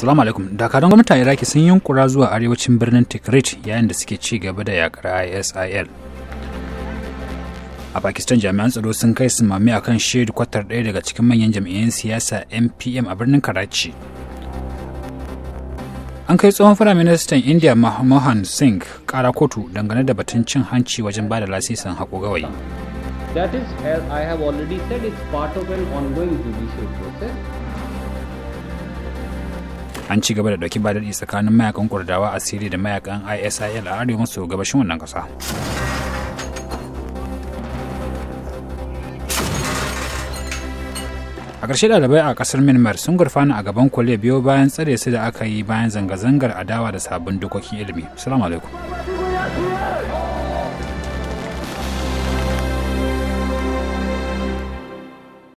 Assalamu alaikum. Dakarun gwamnatin Iraki sun yunkura zuwa arewacin birnin Tikrit yayin da suke ci gaba da yakar ISIL. A Pakistan jami'an tsaro sun kai su mami akan shaidu kwatar ɗaya daga cikin manyan jam'iyyun siyasa NPM a birnin Karachi. An kai tsohon fara ministan India Mohan Singh kara kotu dangane da batun cin hanci wajen bada lasisin haƙo gawayi. That is, I have already said, it's part of an ongoing judicial process. an ci gaba da dauki ba daɗi tsakanin mayakan kurdawa a da mayakan isil a arewa maso gabashin wannan ƙasa a ƙarshe ɗalibai a ƙasar myanmar sun gurfana a gaban kwale biyo bayan tsare su da aka yi bayan zanga-zangar adawa da sabbin dokokin ilimi salamu alaikum